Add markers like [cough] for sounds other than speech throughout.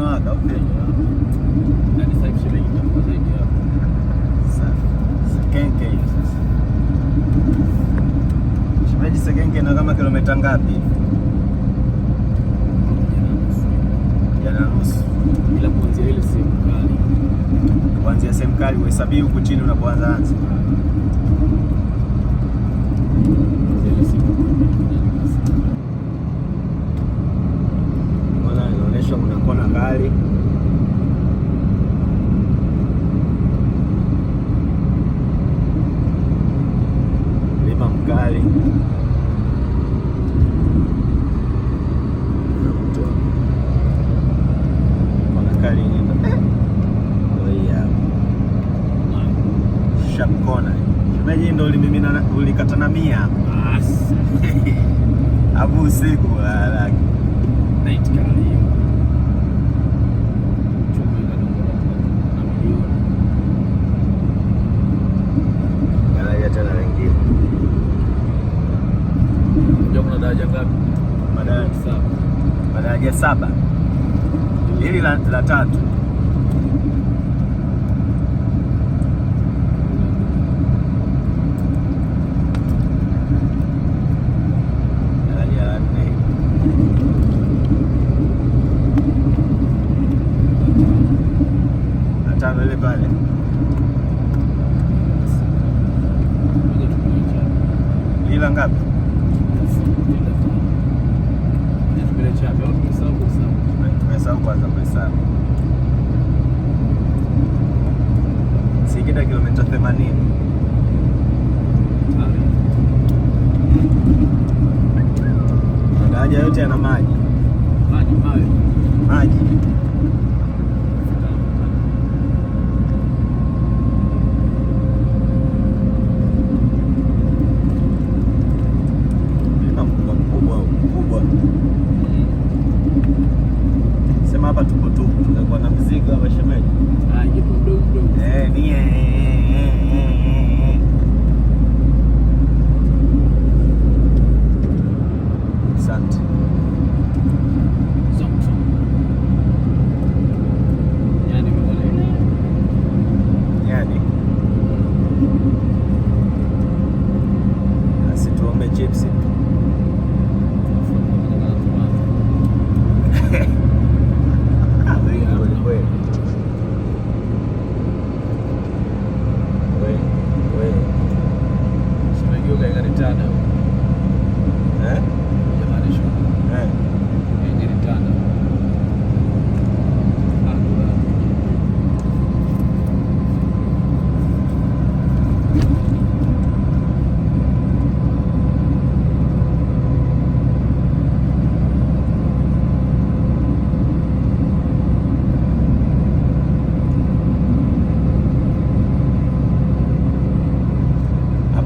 Hadi sasa gidiyor zaidi ya. Sekenge hiyo sasa. Shemeji, Sekenge na kama kilomita ngapi? Jana nusu. Bila kuanzia ile sehemu kali. Kuanzia sehemu kali uhesabii huku chini unapoanza anza. gari mkona shemeji, ndo ulimimina ulikatana mia [laughs] hapo usiku la laki saba hili la, la tatu Lila ngapi? maji yote yana maji maji maji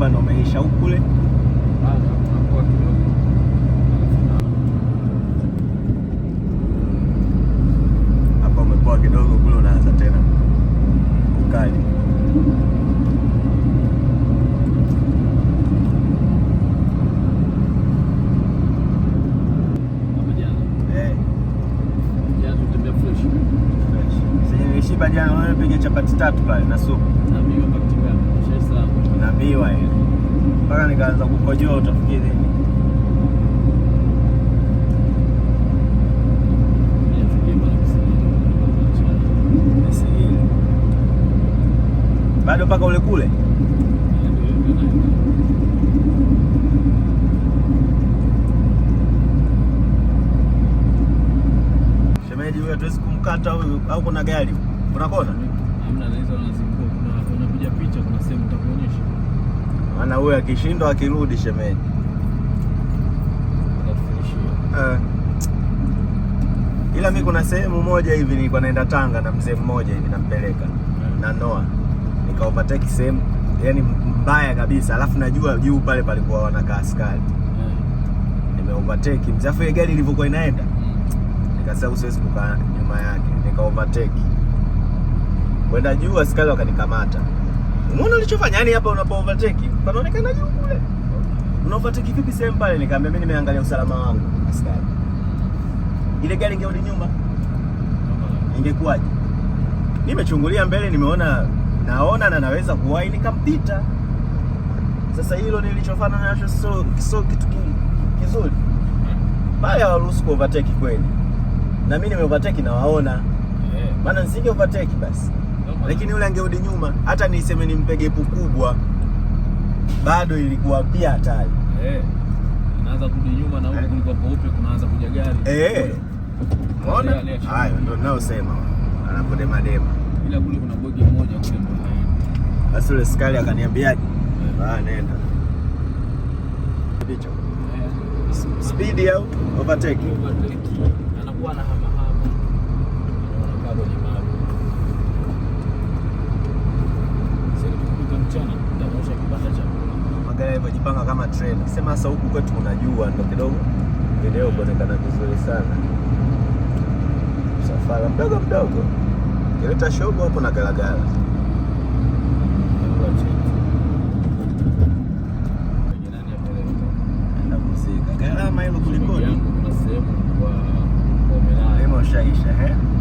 Zanzibar umeisha huku kule? Hapa umepoa kidogo, kule unaanza tena ukali. Jana eh. unapiga chapati tatu pale na supu nikaambiwa hiyo mpaka nikaanza kukojoa, utafikiri bado mpaka ule kule shemeji huyo hatuwezi kumkata huyu, au kuna gari, kuna kona, hamna. Kuna piga picha, kuna sehemu utakuonyesha maana huyo akishindwa akirudi shemeji uh, ila mi kuna sehemu moja hivi nilikuwa naenda Tanga na mzee mmoja hivi nampeleka hmm. na noa nikaopateki sehemu yani mbaya kabisa, alafu najua juu pale palikuwa wanakaa askari hmm. mzee, afu gari ilivyokuwa inaenda mm. nikasema usiwezi kukaa nyuma yake, nikaopateki kwenda juu, askari wakanikamata umeona ulichofanya? Yani hapa unapo overtake panaonekana juu kule, una overtake vipi sehemu pale? Nikaambia mimi nimeangalia usalama wangu, askari. Ile gari ingerudi nyuma ingekuwaje? Nimechungulia mbele, nimeona naona na naweza kuwahi, nikampita. Sasa hilo nilichofana nacho sio sio kitu kizuri Baya hawaruhusu ku overtake kweli, na mimi nime overtake na waona, maana nisinge overtake basi lakini yule angerudi nyuma, hata niseme ni mpege kubwa, bado ilikuwa pia hatari eh. Anaanza kurudi nyuma na huko eh. kulikuwa kweupe, kunaanza kuja gari eh, unaona hayo ndio ninayosema, anapodema madema, ila kule kuna bogi moja kule ndio hayo. Basi yule askari akaniambiaje, eh. ah, nenda hicho eh. speed au overtake, anakuwa na hama imejipanga kama treni. Sema sasa huku kwetu unajua, ndio kidogo video kuonekana vizuri sana. Safari mdogo mdogo kileta shogo hapo na galagala gharama hilo kulikoni, ushaisha eh